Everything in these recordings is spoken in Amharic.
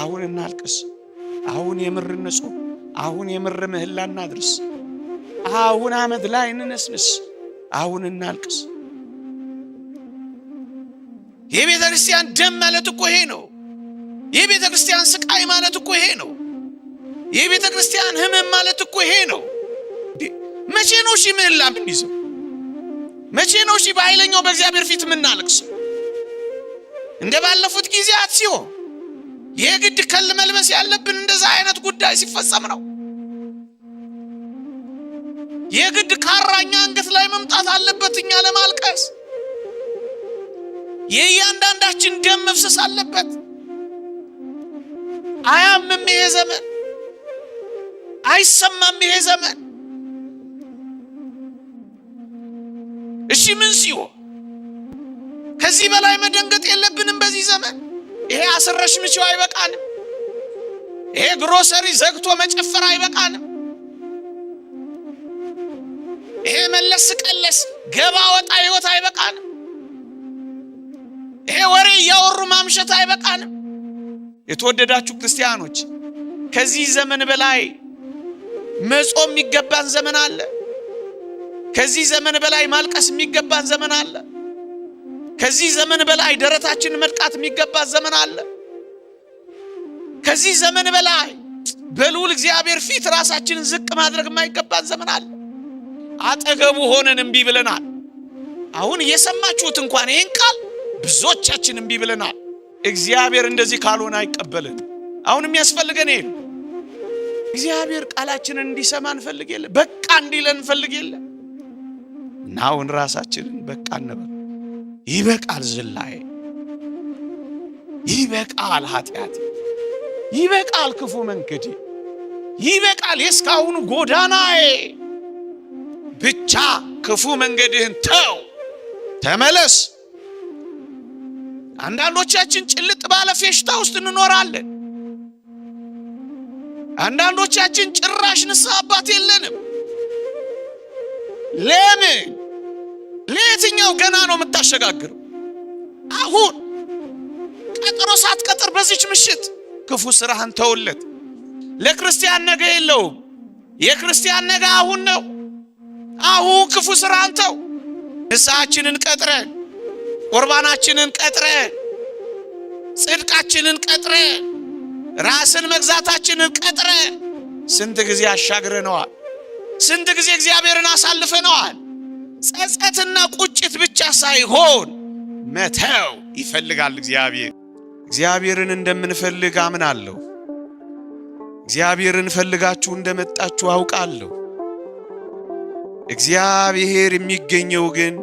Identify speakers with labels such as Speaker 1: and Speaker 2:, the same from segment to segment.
Speaker 1: አሁን እናልቅስ፣ አሁን የምር ንጹህ፣ አሁን የምር ምህላ እናድርስ፣ አሁን አመት ላይ እንነስንስ፣ አሁን እናልቅስ። የቤተ ክርስቲያን ደም ማለት እኮ ይሄ ነው። የቤተ ክርስቲያን ስቃይ ማለት እኮ ይሄ ነው። የቤተ ክርስቲያን ህመም ማለት እኮ ይሄ ነው። መቼ ነው ሺ ምህላ ምንይዘው? መቼ ነው ሺ በኃይለኛው በእግዚአብሔር ፊት የምናለቅሰው? እንደ ባለፉት ጊዜያት ሲሆን የግድ ከል መልበስ ያለብን እንደዛ አይነት ጉዳይ ሲፈጸም ነው። የግድ ካራኛ አንገት ላይ መምጣት አለበት እኛ ለማልቀስ የእያንዳንዳችን ደም መፍሰስ አለበት። አያምም ይሄ ዘመን፣ አይሰማም ይሄ ዘመን። እሺ ምን ሲሆን ከዚህ በላይ መደንገጥ የለብንም በዚህ ዘመን ይሄ አስረሽ ምችው አይበቃንም። ይሄ ግሮሰሪ ዘግቶ መጨፈር አይበቃንም። ይሄ መለስ ቀለስ ገባ ወጣ ህይወት አይበቃንም። ይሄ ወሬ እያወሩ ማምሸት አይበቃንም። የተወደዳችሁ ክርስቲያኖች ከዚህ ዘመን በላይ መጾም የሚገባን ዘመን አለ። ከዚህ ዘመን በላይ ማልቀስ የሚገባን ዘመን አለ። ከዚህ ዘመን በላይ ደረታችንን መጥቃት የሚገባ ዘመን አለ። ከዚህ ዘመን በላይ በልዑል እግዚአብሔር ፊት ራሳችንን ዝቅ ማድረግ የማይገባ ዘመን አለ። አጠገቡ ሆነን እምቢ ብለናል። አሁን እየሰማችሁት እንኳን ይህን ቃል ብዙዎቻችን እምቢ ብለናል። እግዚአብሔር እንደዚህ ካልሆነ አይቀበልን። አሁን የሚያስፈልገን ይሄ እግዚአብሔር ቃላችንን እንዲሰማ እንፈልግ የለ፣ በቃ እንዲለን እንፈልግ የለ እና አሁን ራሳችንን በቃ እንበል። ይበቃል ዝላይ፣ ይበቃል ኃጢአት፣ ይበቃል ክፉ መንገድ፣ ይበቃል የእስካሁኑ ጎዳናዬ። ብቻ ክፉ መንገድህን ተው፣ ተመለስ። አንዳንዶቻችን ጭልጥ ባለ ፌሽታ ውስጥ እንኖራለን። አንዳንዶቻችን ጭራሽ ንስሐ አባት የለንም። ለምን? ለየትኛው ገና ነው የምታሸጋግረው? አሁን ሰዓት ሳትቀጥር በዚች ምሽት ክፉ ስራህን ተውለት። ለክርስቲያን ነገ የለውም። የክርስቲያን ነገ አሁን ነው። አሁን ክፉ ስራህን ተው። ንስሐችንን ቀጥረ፣ ቁርባናችንን ቀጥረ፣ ጽድቃችንን ቀጥረ፣ ራስን መግዛታችንን ቀጥረ። ስንት ጊዜ አሻግረነዋል። ስንት ጊዜ እግዚአብሔርን አሳልፈነዋል። ጸጸትና ቁጭት ብቻ ሳይሆን መተው ይፈልጋል እግዚአብሔር። እግዚአብሔርን እንደምንፈልግ አምናለሁ። እግዚአብሔርን ፈልጋችሁ እንደመጣችሁ አውቃለሁ። እግዚአብሔር የሚገኘው ግን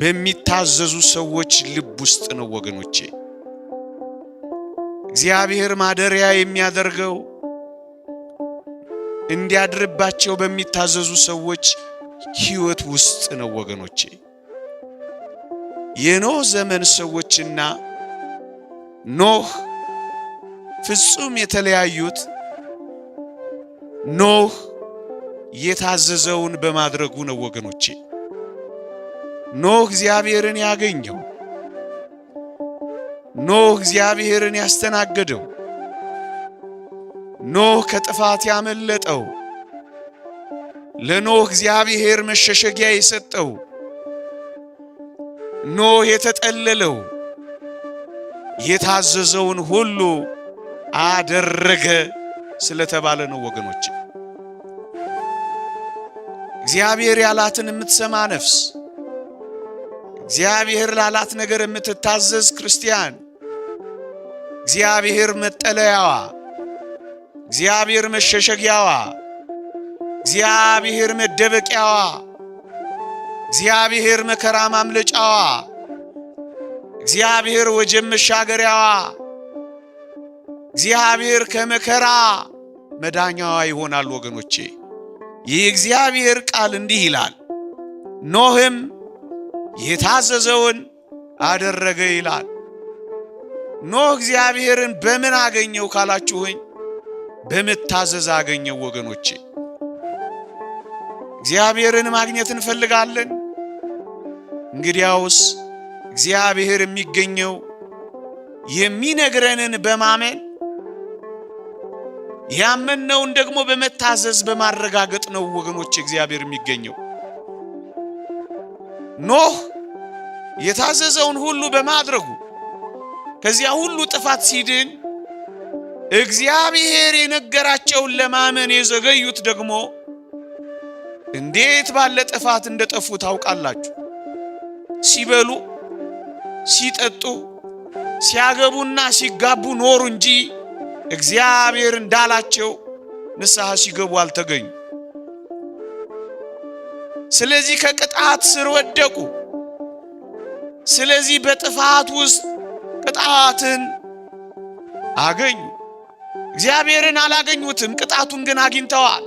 Speaker 1: በሚታዘዙ ሰዎች ልብ ውስጥ ነው ወገኖቼ። እግዚአብሔር ማደሪያ የሚያደርገው እንዲያድርባቸው በሚታዘዙ ሰዎች ህይወት ውስጥ ነው ወገኖቼ። የኖህ ዘመን ሰዎችና ኖህ ፍጹም የተለያዩት ኖህ የታዘዘውን በማድረጉ ነው ወገኖቼ። ኖህ እግዚአብሔርን ያገኘው፣ ኖህ እግዚአብሔርን ያስተናገደው፣ ኖህ ከጥፋት ያመለጠው ለኖህ እግዚአብሔር መሸሸጊያ የሰጠው ኖህ የተጠለለው የታዘዘውን ሁሉ አደረገ ስለተባለ ነው። ወገኖች እግዚአብሔር ያላትን የምትሰማ ነፍስ፣ እግዚአብሔር ላላት ነገር የምትታዘዝ ክርስቲያን፣ እግዚአብሔር መጠለያዋ፣ እግዚአብሔር መሸሸጊያዋ እግዚአብሔር መደበቂያዋ፣ እግዚአብሔር መከራ ማምለጫዋ፣ እግዚአብሔር ወጀብ መሻገሪያዋ፣ እግዚአብሔር ከመከራ መዳኛዋ ይሆናል። ወገኖቼ የእግዚአብሔር ቃል እንዲህ ይላል፣ ኖህም የታዘዘውን አደረገ ይላል። ኖህ እግዚአብሔርን በምን አገኘው ካላችሁኝ፣ በመታዘዝ አገኘው ወገኖቼ እግዚአብሔርን ማግኘት እንፈልጋለን። እንግዲያውስ እግዚአብሔር የሚገኘው የሚነግረንን በማመን ያመንነውን ደግሞ በመታዘዝ በማረጋገጥ ነው። ወገኖች እግዚአብሔር የሚገኘው ኖህ የታዘዘውን ሁሉ በማድረጉ ከዚያ ሁሉ ጥፋት ሲድን እግዚአብሔር የነገራቸውን ለማመን የዘገዩት ደግሞ እንዴት ባለ ጥፋት እንደጠፉ ታውቃላችሁ። ሲበሉ ሲጠጡ ሲያገቡና ሲጋቡ ኖሩ እንጂ እግዚአብሔር እንዳላቸው ንስሐ ሲገቡ አልተገኙ። ስለዚህ ከቅጣት ስር ወደቁ። ስለዚህ በጥፋት ውስጥ ቅጣትን አገኙ። እግዚአብሔርን አላገኙትም፣ ቅጣቱን ግን አግኝተዋል።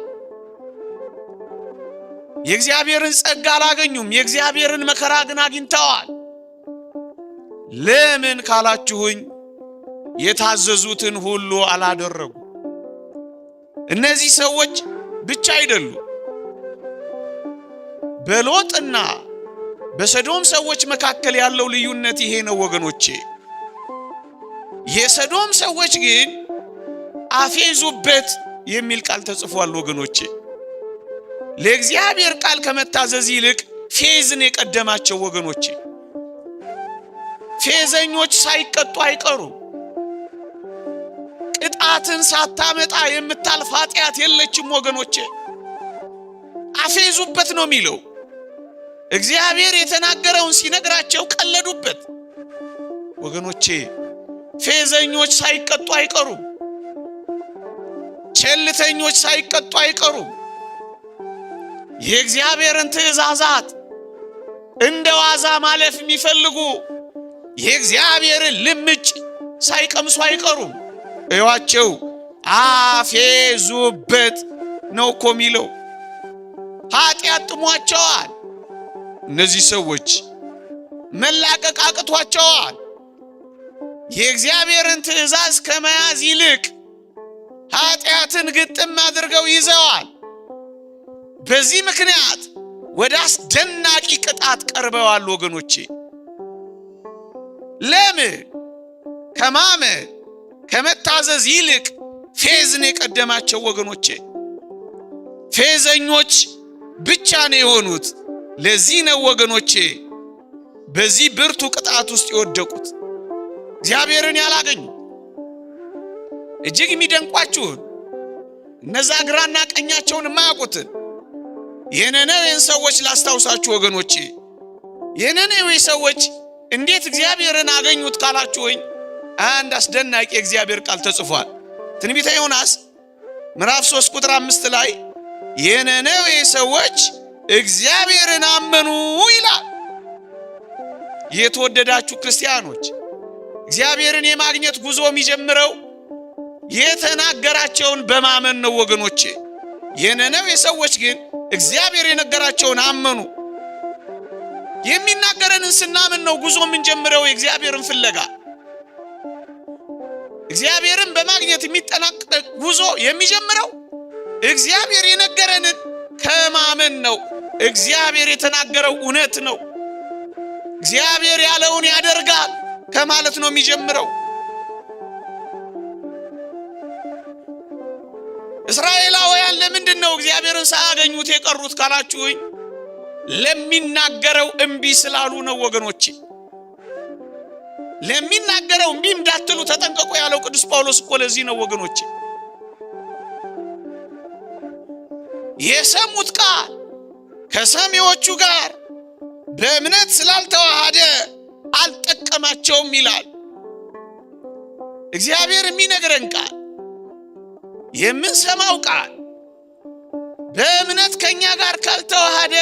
Speaker 1: የእግዚአብሔርን ጸጋ አላገኙም። የእግዚአብሔርን መከራ ግን አግኝተዋል። ለምን ካላችሁኝ የታዘዙትን ሁሉ አላደረጉ። እነዚህ ሰዎች ብቻ አይደሉም። በሎጥና በሰዶም ሰዎች መካከል ያለው ልዩነት ይሄ ነው ወገኖቼ። የሰዶም ሰዎች ግን አፌዙበት የሚል ቃል ተጽፏል ወገኖቼ። ለእግዚአብሔር ቃል ከመታዘዝ ይልቅ ፌዝን የቀደማቸው ወገኖቼ፣ ፌዘኞች ሳይቀጡ አይቀሩም። ቅጣትን ሳታመጣ የምታልፍ ኃጢአት የለችም ወገኖቼ። አፌዙበት ነው የሚለው። እግዚአብሔር የተናገረውን ሲነግራቸው ቀለዱበት ወገኖቼ። ፌዘኞች ሳይቀጡ አይቀሩም። ቸልተኞች ሳይቀጡ አይቀሩም። የእግዚአብሔርን ትእዛዛት እንደ ዋዛ ማለፍ የሚፈልጉ የእግዚአብሔርን ልምጭ ሳይቀምሱ አይቀሩም። እዩዋቸው፣ አፌዙበት ነው እኮ የሚለው። ኃጢአት ጥሟቸዋል። እነዚህ ሰዎች መላቀቅ አቅቷቸዋል። የእግዚአብሔርን ትእዛዝ ከመያዝ ይልቅ ኃጢአትን ግጥም አድርገው ይዘዋል። በዚህ ምክንያት ወደ አስደናቂ ቅጣት ቀርበዋል ወገኖቼ። ለም ከማመ ከመታዘዝ ይልቅ ፌዝን የቀደማቸው ወገኖቼ፣ ፌዘኞች ብቻ ነው የሆኑት። ለዚህ ነው ወገኖቼ በዚህ ብርቱ ቅጣት ውስጥ የወደቁት እግዚአብሔርን ያላገኙ። እጅግ የሚደንቋችሁን እነዛ ግራና ቀኛቸውን የማያውቁትን የነነዌን ሰዎች ላስታውሳችሁ ወገኖቼ፣ የነነዌ ሰዎች እንዴት እግዚአብሔርን አገኙት ካላችሁኝ አንድ አስደናቂ የእግዚአብሔር ቃል ተጽፏል። ትንቢተ ዮናስ ምዕራፍ 3 ቁጥር 5 ላይ የነነዌ ሰዎች እግዚአብሔርን አመኑ ይላል። የተወደዳችሁ ክርስቲያኖች እግዚአብሔርን የማግኘት ጉዞ የሚጀምረው የተናገራቸውን በማመን ነው ወገኖቼ። የነነዌ ሰዎች ግን እግዚአብሔር የነገራቸውን አመኑ። የሚናገረንን ስናምን ነው ጉዞ የምንጀምረው የእግዚአብሔርን ፍለጋ። እግዚአብሔርን በማግኘት የሚጠናቀቅ ጉዞ የሚጀምረው እግዚአብሔር የነገረንን ከማመን ነው። እግዚአብሔር የተናገረው እውነት ነው። እግዚአብሔር ያለውን ያደርጋል ከማለት ነው የሚጀምረው። እስራኤላ ለምንድን ነው እግዚአብሔርን ሳያገኙት የቀሩት ካላችሁኝ ለሚናገረው እምቢ ስላሉ ነው ወገኖች ለሚናገረው እምቢ እንዳትሉ ተጠንቀቁ ያለው ቅዱስ ጳውሎስ እኮ ለዚህ ነው ወገኖች የሰሙት ቃል ከሰሚዎቹ ጋር በእምነት ስላልተዋሃደ አልጠቀማቸውም ይላል። እግዚአብሔር የሚነግረን ቃል የምንሰማው ቃል በእምነት ከእኛ ጋር ካልተዋሃደ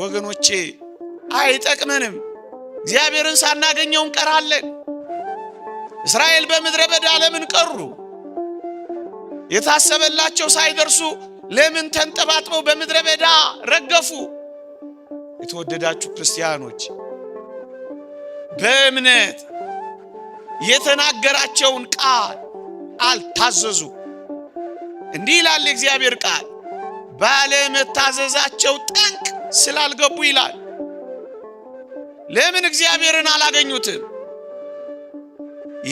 Speaker 1: ወገኖቼ አይጠቅመንም። እግዚአብሔርን ሳናገኘው እንቀራለን። እስራኤል በምድረ በዳ ለምን ቀሩ? የታሰበላቸው ሳይደርሱ ለምን ተንጠባጥበው በምድረ በዳ ረገፉ? የተወደዳችሁ ክርስቲያኖች በእምነት የተናገራቸውን ቃል አልታዘዙ። እንዲህ ይላል የእግዚአብሔር ቃል ባለመታዘዛቸው ጠንቅ ስላልገቡ ይላል። ለምን እግዚአብሔርን አላገኙትም?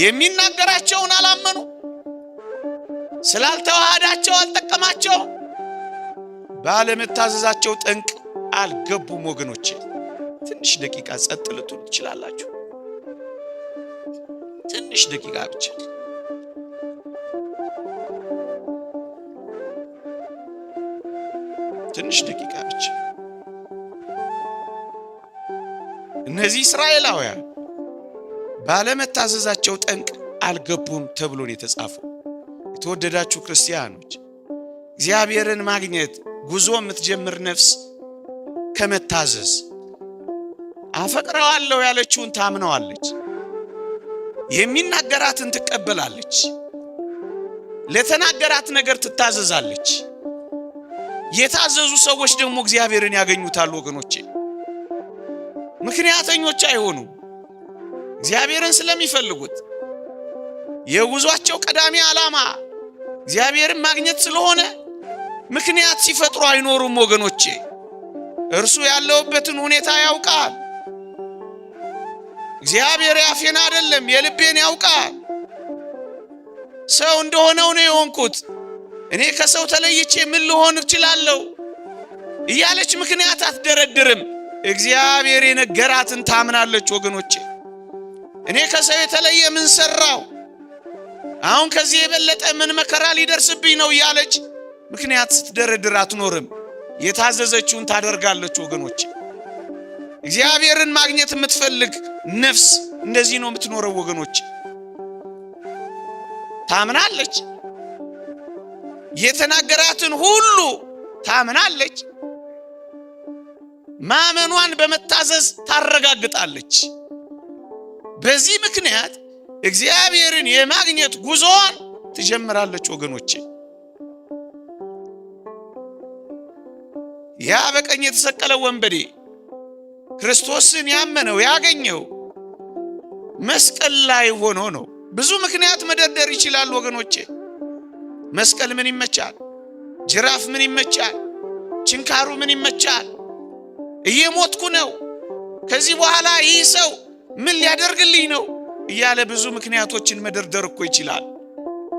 Speaker 1: የሚናገራቸውን አላመኑ። ስላልተዋሃዳቸው አልጠቀማቸው ባለመታዘዛቸው ጠንቅ አልገቡም። ወገኖች ትንሽ ደቂቃ ጸጥ ልትሉ ትችላላችሁ። ትንሽ ደቂቃ ብቻ ትንሽ ደቂቃ ብቻ። እነዚህ እስራኤላውያን ባለመታዘዛቸው ጠንቅ አልገቡም ተብሎን የተጻፈው። የተወደዳችሁ ክርስቲያኖች እግዚአብሔርን ማግኘት ጉዞ የምትጀምር ነፍስ ከመታዘዝ አፈቅረዋለሁ ያለችውን ታምነዋለች፣ የሚናገራትን ትቀበላለች፣ ለተናገራት ነገር ትታዘዛለች። የታዘዙ ሰዎች ደግሞ እግዚአብሔርን ያገኙታል ወገኖቼ። ምክንያተኞች አይሆኑ እግዚአብሔርን ስለሚፈልጉት የጉዟቸው ቀዳሚ ዓላማ እግዚአብሔርን ማግኘት ስለሆነ ምክንያት ሲፈጥሩ አይኖሩም ወገኖቼ። እርሱ ያለውበትን ሁኔታ ያውቃል። እግዚአብሔር ያፌን አይደለም የልቤን ያውቃል። ሰው እንደሆነው ነው የሆንኩት እኔ ከሰው ተለይቼ ምን ልሆን እችላለሁ እያለች ምክንያት አትደረድርም። እግዚአብሔር የነገራትን ታምናለች። ወገኖቼ እኔ ከሰው የተለየ ምን ሰራው? አሁን ከዚህ የበለጠ ምን መከራ ሊደርስብኝ ነው? እያለች ምክንያት ስትደረድር አትኖርም። የታዘዘችውን ታደርጋለች። ወገኖቼ እግዚአብሔርን ማግኘት የምትፈልግ ነፍስ እንደዚህ ነው የምትኖረው። ወገኖቼ ታምናለች። የተናገራትን ሁሉ ታምናለች። ማመኗን በመታዘዝ ታረጋግጣለች። በዚህ ምክንያት እግዚአብሔርን የማግኘት ጉዞዋን ትጀምራለች። ወገኖቼ ያ በቀኝ የተሰቀለው ወንበዴ ክርስቶስን ያመነው ያገኘው መስቀል ላይ ሆኖ ነው። ብዙ ምክንያት መደርደር ይችላል ወገኖቼ። መስቀል ምን ይመቻል? ጅራፍ ምን ይመቻል? ችንካሩ ምን ይመቻል? እየሞትኩ ነው፣ ከዚህ በኋላ ይህ ሰው ምን ሊያደርግልኝ ነው እያለ ብዙ ምክንያቶችን መደርደር እኮ ይችላል።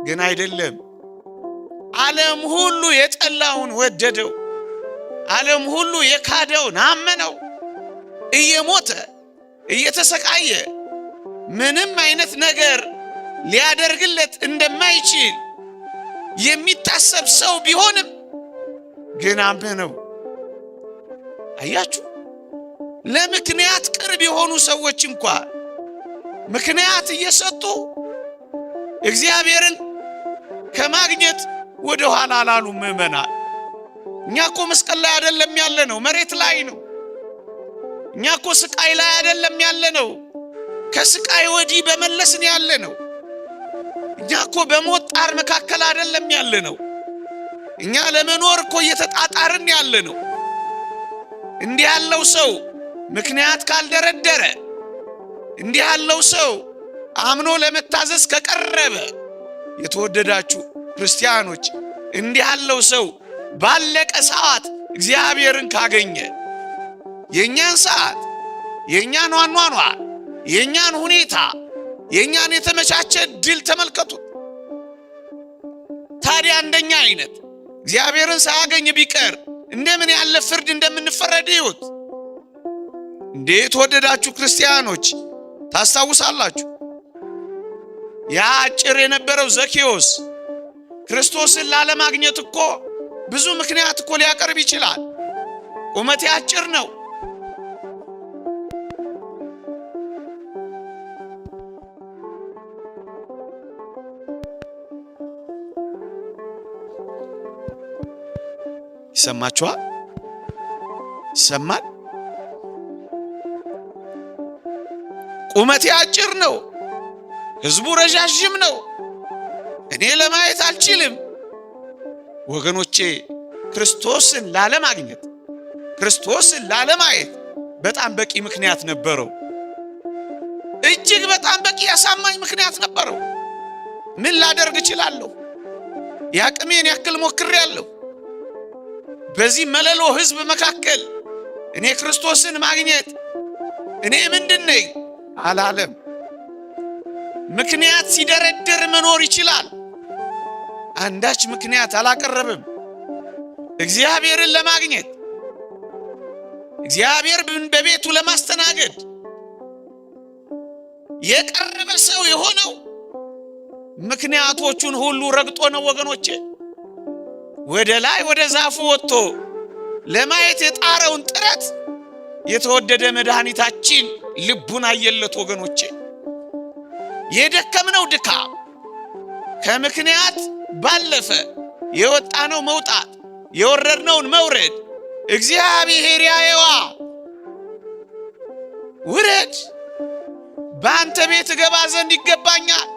Speaker 1: ግን አይደለም። ዓለም ሁሉ የጠላውን ወደደው፣ ዓለም ሁሉ የካደውን አመነው። እየሞተ እየተሰቃየ ምንም አይነት ነገር ሊያደርግለት እንደማይችል የሚታሰብ ሰው ቢሆንም ግን አምህ ነው። አያችሁ፣ ለምክንያት ቅርብ የሆኑ ሰዎች እንኳ ምክንያት እየሰጡ እግዚአብሔርን ከማግኘት ወደ ኋላ ላሉ ምእመናን እኛ እኮ መስቀል ላይ አይደለም ያለ ነው፣ መሬት ላይ ነው። እኛ እኮ ስቃይ ላይ አይደለም ያለ ነው፣ ከስቃይ ወዲህ በመለስን ያለ ነው። እኛ እኮ በሞት ጣር መካከል አይደለም ያለ ነው። እኛ ለመኖር እኮ እየተጣጣርን ያለ ነው። እንዲህ ያለው ሰው ምክንያት ካልደረደረ፣ እንዲህ ያለው ሰው አምኖ ለመታዘዝ ከቀረበ፣ የተወደዳችሁ ክርስቲያኖች፣ እንዲህ ያለው ሰው ባለቀ ሰዓት እግዚአብሔርን ካገኘ የእኛን ሰዓት የእኛን አኗኗር የእኛን ሁኔታ የእኛን የተመቻቸ ድል ተመልከቱት። ታዲያ እንደኛ አይነት እግዚአብሔርን ሳያገኝ ቢቀር እንደምን ያለ ፍርድ እንደምንፈረድ ይሁት። እንዴት ወደዳችሁ ክርስቲያኖች ታስታውሳላችሁ? ያ አጭር የነበረው ዘኬዎስ ክርስቶስን ላለማግኘት እኮ ብዙ ምክንያት እኮ ሊያቀርብ ይችላል። ቁመቴ አጭር ነው ይሰማችኋል? ይሰማል። ቁመቴ አጭር ነው፣ ህዝቡ ረዣዥም ነው፣ እኔ ለማየት አልችልም። ወገኖቼ ክርስቶስን ላለማግኘት ክርስቶስን ላለማየት በጣም በቂ ምክንያት ነበረው። እጅግ በጣም በቂ ያሳማኝ ምክንያት ነበረው። ምን ላደርግ እችላለሁ? የአቅሜን ያክል ሞክሬያለሁ። በዚህ መለሎ ህዝብ መካከል እኔ ክርስቶስን ማግኘት እኔ ምንድን ነኝ አላለም። ምክንያት ሲደረድር መኖር ይችላል። አንዳች ምክንያት አላቀረብም። እግዚአብሔርን ለማግኘት እግዚአብሔር በቤቱ ለማስተናገድ የቀረበ ሰው የሆነው ምክንያቶቹን ሁሉ ረግጦ ነው ወገኖቼ። ወደ ላይ ወደ ዛፉ ወጥቶ ለማየት የጣረውን ጥረት የተወደደ መድኃኒታችን ልቡን አየለት። ወገኖቼ የደከምነው ድካም ከምክንያት ባለፈ የወጣነው መውጣት የወረድነውን መውረድ እግዚአብሔር ያየዋ። ውረድ፣ በአንተ ቤት እገባ ዘንድ ይገባኛል።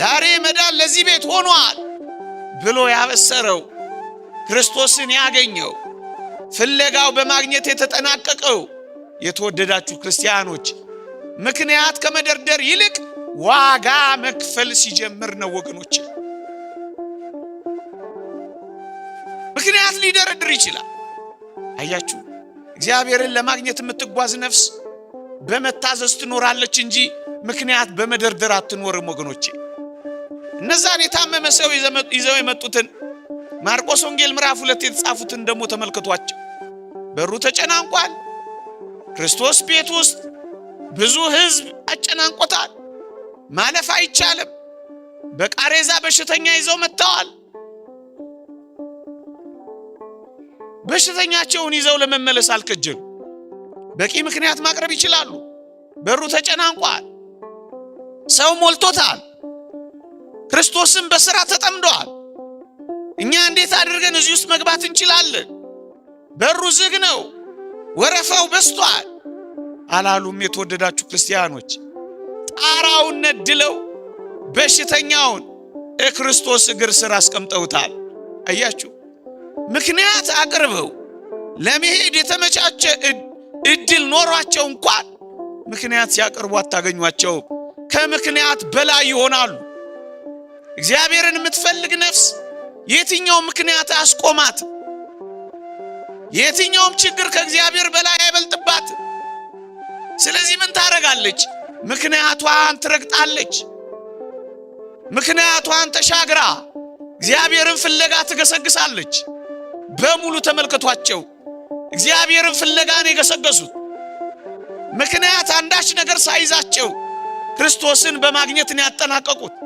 Speaker 1: ዛሬ መዳን ለዚህ ቤት ሆኗል። ብሎ ያበሰረው ክርስቶስን ያገኘው ፍለጋው በማግኘት የተጠናቀቀው የተወደዳችሁ ክርስቲያኖች ምክንያት ከመደርደር ይልቅ ዋጋ መክፈል ሲጀምር ነው። ወገኖች ምክንያት ሊደረድር ይችላል። አያችሁ፣ እግዚአብሔርን ለማግኘት የምትጓዝ ነፍስ በመታዘዝ ትኖራለች እንጂ ምክንያት በመደርደር አትኖርም ወገኖቼ። እነዛን የታመመ ሰው ይዘው የመጡትን ማርቆስ ወንጌል ምዕራፍ ሁለት የተጻፉትን ደግሞ ተመልክቷቸው በሩ ተጨናንቋል። ክርስቶስ ቤት ውስጥ ብዙ ሕዝብ አጨናንቆታል። ማለፍ አይቻልም። በቃሬዛ በሽተኛ ይዘው መጥተዋል። በሽተኛቸውን ይዘው ለመመለስ አልከጀሉ። በቂ ምክንያት ማቅረብ ይችላሉ። በሩ ተጨናንቋል። ሰው ሞልቶታል። ክርስቶስን በሥራ ተጠምደዋል። እኛ እንዴት አድርገን እዚህ ውስጥ መግባት እንችላለን? በሩ ዝግ ነው፣ ወረፋው በስቷል አላሉም። የተወደዳችሁ ክርስቲያኖች ጣራውን ነድለው በሽተኛውን የክርስቶስ እግር ሥር አስቀምጠውታል። አያችሁ፣ ምክንያት አቅርበው ለመሄድ የተመቻቸ እድል ኖሯቸው እንኳን ምክንያት ሲያቀርቡ አታገኟቸውም። ከምክንያት በላይ ይሆናሉ። እግዚአብሔርን የምትፈልግ ነፍስ የትኛው ምክንያት አስቆማት? የትኛውም ችግር ከእግዚአብሔር በላይ አይበልጥባት። ስለዚህ ምን ታደርጋለች? ምክንያቷን ትረግጣለች። ምክንያቷን ተሻግራ እግዚአብሔርን ፍለጋ ትገሰግሳለች። በሙሉ ተመልከቷቸው፣ እግዚአብሔርን ፍለጋን የገሰገሱት ምክንያት አንዳች ነገር ሳይዛቸው ክርስቶስን በማግኘት ነው ያጠናቀቁት።